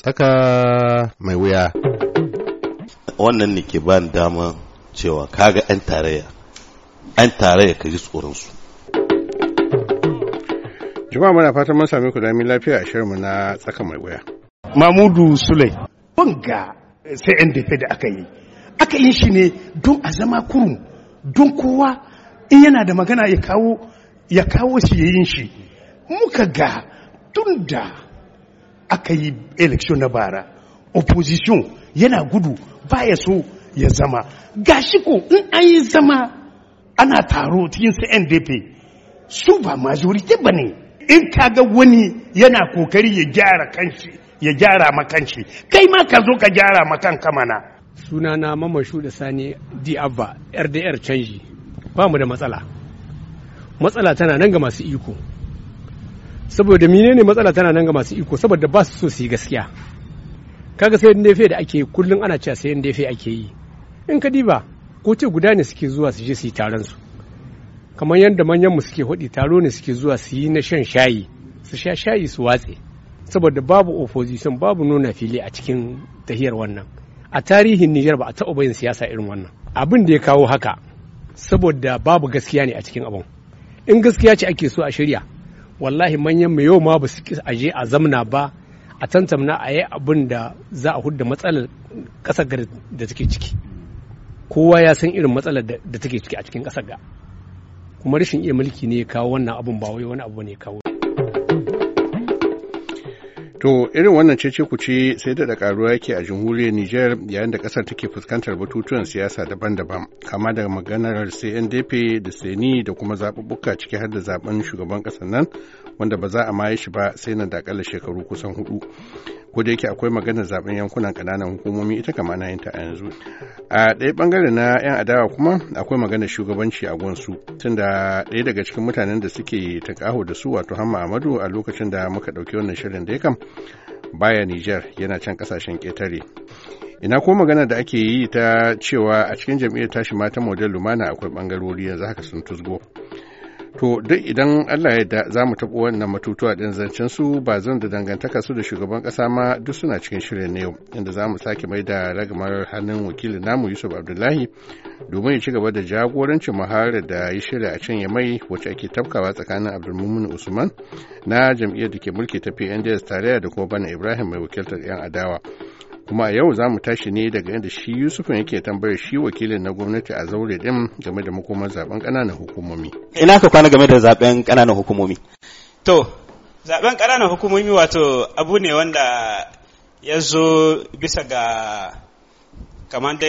tsaka mai wuya wannan ne ke ba ni dama cewa kaga 'yan tarayya 'yan tarayya ka ji tsoronsu Juma'a muna fatan mun sami ku lafiya a shirinmu na tsaka mai wuya. Mamudu Sulai. ga sai yan dafe da aka yi. Aka yi shi ne don a zama kurum don kowa in yana da magana ya kawo ya shi ya yin shi. Muka ga tun da aka yi election na bara opposition yana gudu ba ya so ya zama gashi ko in an yi zama ana taro cikin su ndp su ba majority ba ne in kaga wani yana kokari ya gyara kanshi ya gyara makanshi kai ma ka zo ka gyara makanka mana sunana mamashu da sani di abba rdr canji ba mu da matsala matsala tana nan ga masu iko saboda ne matsala tana nan ga masu iko saboda ba su so su yi gaskiya kaga sai dafe da ake yi kullum ana cewa sai dafe ake yi in ka diba ko ce guda ne suke zuwa su je su yi taron su kamar yadda manyan mu suke hudi taro ne suke zuwa su yi na shan shayi su sha shayi su watse saboda babu opposition babu nuna fili a cikin tahiyar wannan a tarihin Nijar ba a taɓa yin siyasa irin wannan abin da ya kawo haka saboda babu gaskiya ne a cikin abin in gaskiya ce ake so a shirya wallahi manyan mu yau ma ba su aje a zamna ba a tantamna a yi abin da za a hudda matsalar ƙasar da take ciki kowa ya san irin matsalar da take ciki a cikin ƙasar ga kuma rashin iya mulki ne ya kawo wannan abin ba wai wani abu ne ya kawo To irin wannan cece kuce sai da karuwa yake a jamhuriyar Nijar yayin da kasar take fuskantar batutuwan siyasa daban-daban kama daga maganar CNDP da Seni da kuma zaɓuɓɓuka ciki har da zaben shugaban ƙasar nan wanda ba za a maye shi ba sai nan da shekaru kusan hudu. ko da yake akwai maganar zaben yankunan kananan hukumomi ita kama na ta a yanzu a ɗaya bangare na yan adawa kuma akwai maganar shugabanci a gonsu tunda ɗaya daga cikin mutanen da suke kaho da su wato hamma amadu a lokacin da muka ɗauki wannan shirin da ya kam baya niger yana can ƙasashen ƙetare ina ko magana da ake yi ta cewa a cikin jam'iyyar tashi mata model lumana akwai bangarori yanzu haka sun tusgo to duk idan allah ya da za mu taɓa wannan matutuwa ɗin zancen su ba zan da dangantaka su da shugaban ƙasa ma duk suna cikin shirin ne inda za mu sake mai da ragamar hannun wakilin namu yusuf abdullahi domin ya ci gaba da jagorancin maharar da ya shirya a can ya mai wacce ake tabkawa tsakanin abdulmumin usman na jam'iyyar da ke mulki ta pnds tare da kuma bana ibrahim mai wakiltar 'yan adawa kuma yau za mu tashi ne daga yadda shi Yusuf yake tambayar shi wakilin na gwamnati a zaure din game da makoma zaben ƙananan hukumomi ina ka kwana game da zaben ƙananan hukumomi to zaben ƙananan hukumomi wato abu ne wanda ya zo bisa ga kamar da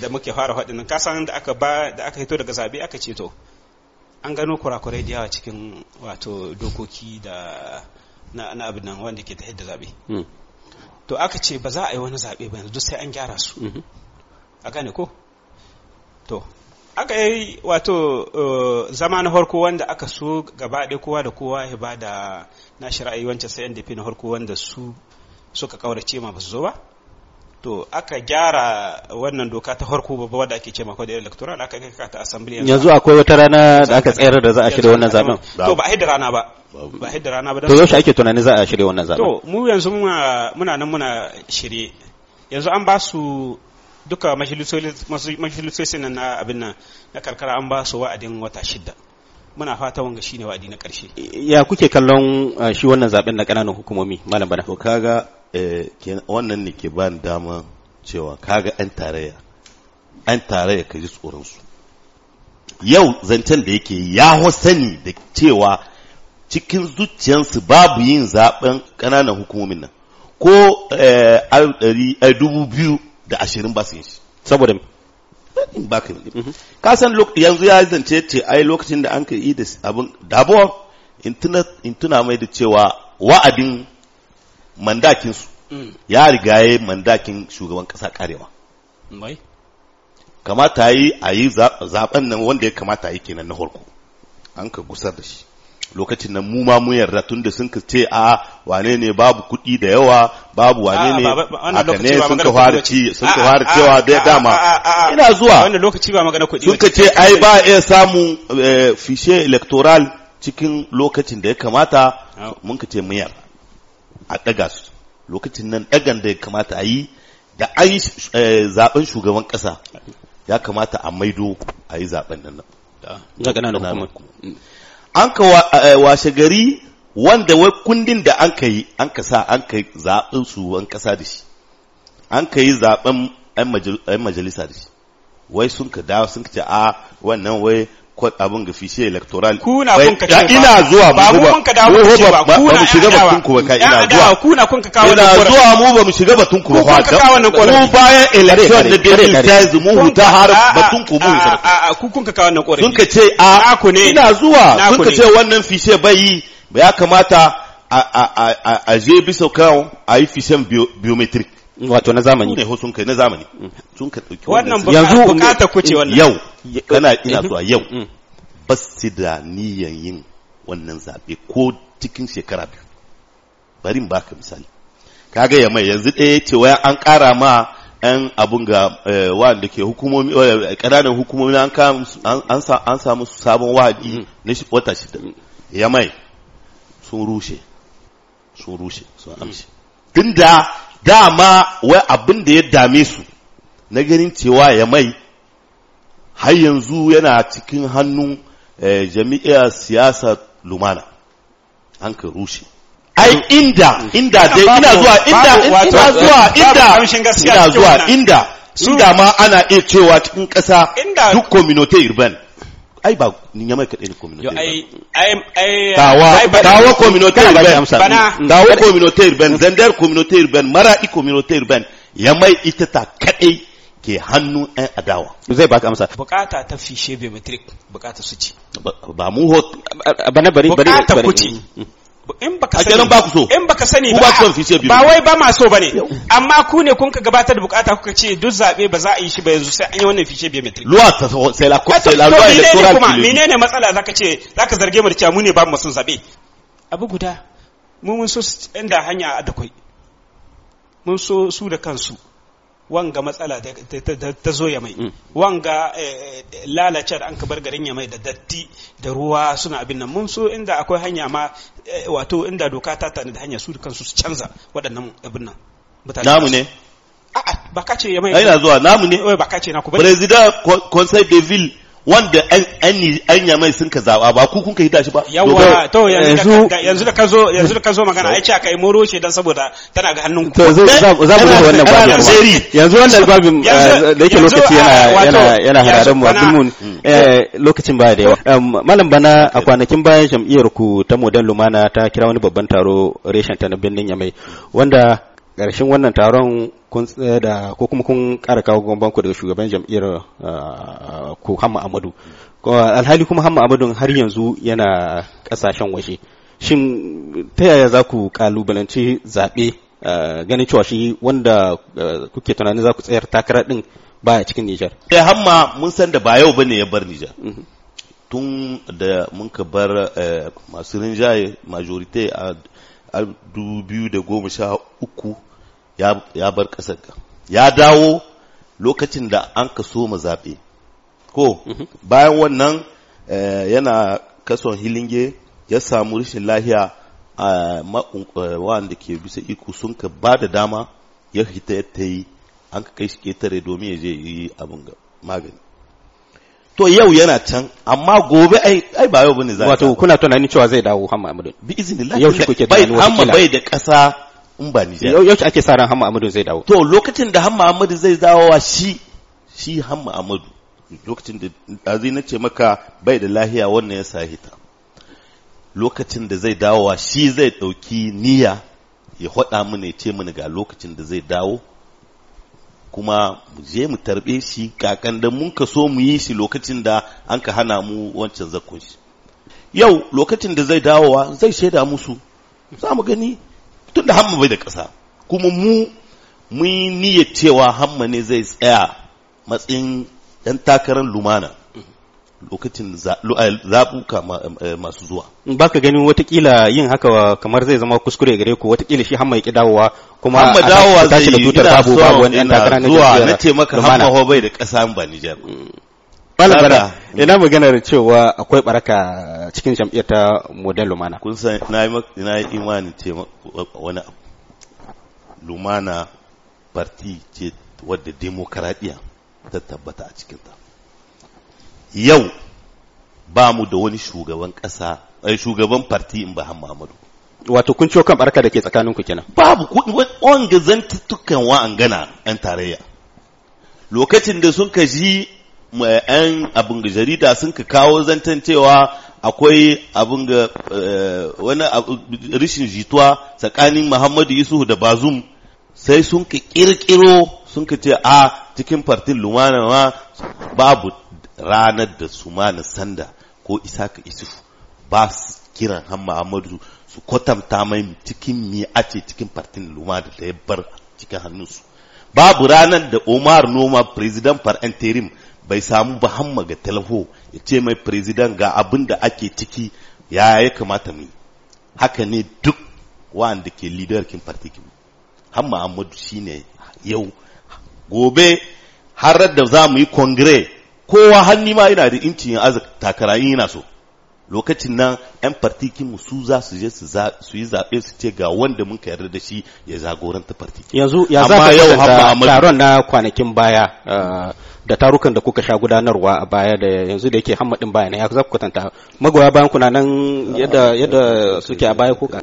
da muke fara faɗin kasan da aka ba da aka hito daga zabe aka ce to an gano kurakurai da yawa cikin wato dokoki da na abin nan wanda ke ta da zabe hmm. to aka ce ba za a yi wani zaɓe ba yanzu sai an gyara su mhm. a gane ko to aka yi wato uh, zama na harko wanda aka so gaba ɗaya kowa da kowa ya ba da nashi ra'ayi wancan sai ndp na harko wanda su suka kaurace ma ba su zo ba to aka gyara wannan doka ta farko babba wadda ake ce mako da electoral aka kai ta assembly yanzu akwai wata rana da aka tsayar da za a shirya wannan zaben to ba a hidda rana ba ba a hidda rana ba to yaushe ake tunanin za a shirya wannan zaben to mu yanzu muna nan muna shirye yanzu an ba su duka majalisoci na abin nan na karkara an ba su wa'adin wata shida muna fata wanga shine wa'adi na karshe ya kuke kallon eh, shi wannan zaben na kananan hukumomi malam bana to kaga Eh, wannan ne ke bani dama cewa kaga 'yan tarayya 'yan tarayya ka ji tsoronsu yau zancen da yake ya sani da cewa cikin zuciyarsu babu yin zaben ƙananan hukumomin nan ko eh, ɗari eh, dubu biyu da ashirin ba su yin shi saboda in ba ka mm-hmm. ka san yanzu ya zance ce ai lokacin da an ka yi da abin dabuwa in tuna mai da cewa wa'adin Mandakinsu. Mm. ya riga ya mandakin shugaban kasa karewa mai kamata yi a yi zaben nan wanda ya kamata yi kenan na harko. an ka gusar da shi lokacin nan mu ma yarda tun da sun ce a wane ne babu kuɗi da yawa babu wane ne haka ne sun ka fara ci sun ka fara cewa da dama ina zuwa wanda lokaci ba magana kuɗi sun ka ce ai ba iya samun eh, fishe electoral cikin lokacin da ya kamata mun ka ce mu yarda a ɗaga su lokacin nan ɗagan da ya kamata a yi da an yi eh, zaben shugaban ƙasa ya kamata a maido a yi zaben nan an ka eh, washe gari wanda wai kundin da an ka yi an ka sa an ka zaben shugaban ƙasa da shi an ka yi zaben 'yan majalisa da shi wai sun ka dawa sun ka ce a ah, wannan wai abin ga fishe electoral kuna kun ka ce ina zuwa ba mu kun ka dawo ku ba kuna ba mu shiga batun ku ba ka ina zuwa kuna kun ka kawo ina zuwa mu ba mu shiga batun ku ba kun ka kawo nan korafi mu bayan election na da taz mu huta har batun ku mu ku kun ka kawo nan kore kun ka ce a ku ne ina zuwa kun ka ce wannan fishe bai ba ya kamata a je bisa kawo a yi fishen biometric wato na zamani ne ho sun kai na zamani sun ka dauki wannan yanzu ku bukata ku ce wannan yau kana eh, ina eh, zuwa yau mm. ba su da niyan yin wannan zaɓe ko cikin shekara biyu bari ka misali ga ya mai yanzu ɗaya ce waya an ƙara ma yan abin ga eh, wa'anda ke hukumomi ƙananan hukumomi an samu sabon wa'adi mm. na wata shida mm. ya mai sun rushe sun rushe sun amshi tun da dama wai abin da ya dame su na ganin cewa ya mai har yanzu yana cikin hannun eh, jami'ar siyasar lumana an ka rushe ai inda inda dai ina zuwa inda ina zuwa inda ina zuwa inda inda ma ana iya cewa cikin ƙasa duk community urban ai ba ni ya mai kaɗai ne community urban dawa tawa community urban dawa community urban mm. zandar community urban i community urban ya mai ita ta kaɗai ke hannu yan adawa zai baka amsa bukata ta fishe biometric bukata su ci. ba mu ho bana bari bari bukata ku ce in baka sani ba ku so in baka sani ba ba wai ba ma so ne. amma ku ne kun ka gabatar da bukata kuka ce duk zabe ba za a yi shi ba yanzu sai an yi wannan fice biometric luwa ta sai la sai la loi electoral kuma menene matsala zaka ce zaka zarge mu da cewa mu ne ba mu son zaɓe. abu guda mun so inda hanya a da kai mun so su da kansu wanga matsala ta zo ya mai mm. wanga eh, eh, lalacar an ka bar garin ya mai da datti da ruwa suna abin nan mun so inda akwai hanya ma eh, wato inda doka ta tani da hanya su kansu su canza waɗannan abin nan namu ne a'a ba ce ya mai ina zuwa namu ne ba ka ce na ku bari president conseil de ville wanda an yi mai sun ka zaba ba ku kun ka hita shi ba yawa to yanzu da kazo yanzu da kazo magana ai ce aka yi moro ce dan saboda tana ga hannun ku to za mu za wannan babin yanzu wannan babin eh, da yake lokaci yana ah, yana yana hararin mu abdulmun hmm. eh, lokacin baya da yawa um, malam bana a kwanakin bayan jam'iyyar ku ta modan lumana ta kira wani babban taro reshen ta na birnin yamai wanda ƙarshen wannan taron kun da ko kuma kun ƙara kawo gomban ku daga shugaban jam'iyyar ah, ko Hamma Amadu alhali kuma Hamma Amadu har yanzu yana kasashen waje shin ta yaya za ku kalubalanci zaɓe ah, ganin cewa shi wanda ah, kuke tunanin za ku tsayar takara ɗin baya cikin Nijar. Eh hamma mun san da ba yau bane ya bar Nijar. Mhm. Tun da mun ka bar eh, masu rinjaye majorite a uku. ya bar ƙasar ya dawo lokacin da an ka so zaɓe ko mhm. bayan wannan eh, yana kason hilinge ya samu rashin lahiya a eh, wanda ke bisa iko sun ka ba da dama ya hita ya ta yi an ka kai shi ketare domin ya je yi abin magani to yau yana can amma gobe ai ba yau bane za wato kuna tunanin cewa zai dawo hamma amudin bi iznillah yau shi kuke tunani bai bai da ƙasa in ba Nijar. Yau yau ake sa ran Hamma Amadu zai dawo. To lokacin da Hamma Amadu zai dawowa shi shi Hamma Amadu lokacin da azi na ce maka bai da lahiya wannan ya sahi ta Lokacin da zai dawowa shi zai ɗauki niyya ya hada mu ne ce mini ga lokacin da zai dawo kuma mu je mu tarbe shi kakan da mun ka so mu yi shi lokacin da an ka hana mu wancan zakon shi. Yau lokacin da zai dawowa zai shaida musu za mu gani tun da hamma bai da ƙasa kuma mu mun niyya cewa hamma ne zai tsaya matsayin ɗan takarar lumana lokacin eh, zaɓuka eh, masu zuwa. Ba ka ganin watakila yin haka kamar zai zama kuskure gare ku watakila shi hamma yake dawowa kuma hamma dawowa zai yi ina zuwa na ce maka hamma bai da ƙasa ba Nijar. Mm. Balabara ina maganar cewa akwai baraka cikin jam'iyyar ta model lumana. Kun san na yi imani ce wani Lumana parti ce wadda demokaradiyya ta tabbata a cikinta. Yau ba mu da wani shugaban ƙasa, eh, shugaban parti in ba Muhammadu. Wato kun ciwo kan barka da ke tsakanin ku kenan. Babu wa zantuttukan gana 'yan tarayya. Lokacin da sun ka ji 'yan abin ga jarida sun ka kawo zantan cewa akwai abin ga eh, wani rishin jituwa tsakanin Muhammadu Yusuf da Bazum sai sun ka kirkiro sun ka ce a cikin fartin lumana ma babu ranar da su na sanda ko isaka isufu ba su kiran han Muhammadu su kwatanta mai cikin mi a ce cikin fartin lumana da ya bar cikin hannunsu babu ranar da Omar Noma president par interim bai samu ba hamma ga talho ya ce mai president ga abin da ake ciki ya ya kamata mu haka ne duk wanda ke leader kin party hamma Ahmadu shine yau gobe har da za mu yi kongire kowa hannu ma yana da incin yin aza takara yana so lokacin nan 'yan mu su za su je su yi zaɓe su ce ga wanda mun ka yarda da shi ya zagoranta partikin yanzu ya za ka taron na kwanakin baya ah, da tarukan da kuka sha gudanarwa a baya da yanzu da yake hammadin baya ya za ku kwatanta magoya bayan kuna nan yadda suke a baya kuka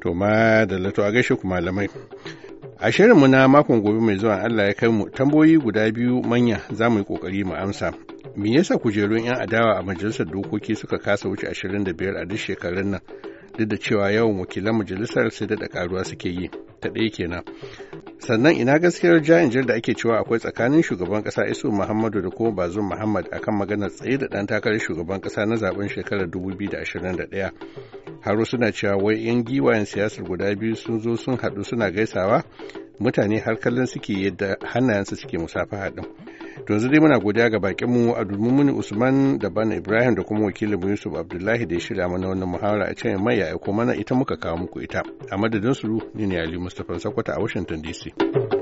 to ma da lato a gaishe ku malamai a mu na makon gobe mai zuwa Allah ya kai mu tamboyi guda biyu manya za mu yi kokari mu amsa me yasa kujerun 'yan adawa a majalisar dokoki suka kasa wuce 25 a duk shekarun nan duk da cewa yawan wakilan majalisar sai da karuwa suke yi ta ɗaya kenan sannan ina gaskiyar jayin jir da ake cewa akwai tsakanin shugaban kasa isu muhammadu da kuma bazum muhammad akan maganar tsaye da ɗan takarar shugaban kasa na zaben shekarar 2021 haro suna cewa wai yan giwayen siyasar guda biyu sun zo sun haɗu suna gaisawa mutane har kallon suke yadda hannayensu suke musafaha din to yanzu dai muna godiya ga bakinmu a muni usman da bana ibrahim da kuma wakilinmu yusuf abdullahi da ya shirya mana wannan muhawara a can mai ya aiko mana ita muka kawo muku ita a madadin su ne ali mustapha sakwata a washington dc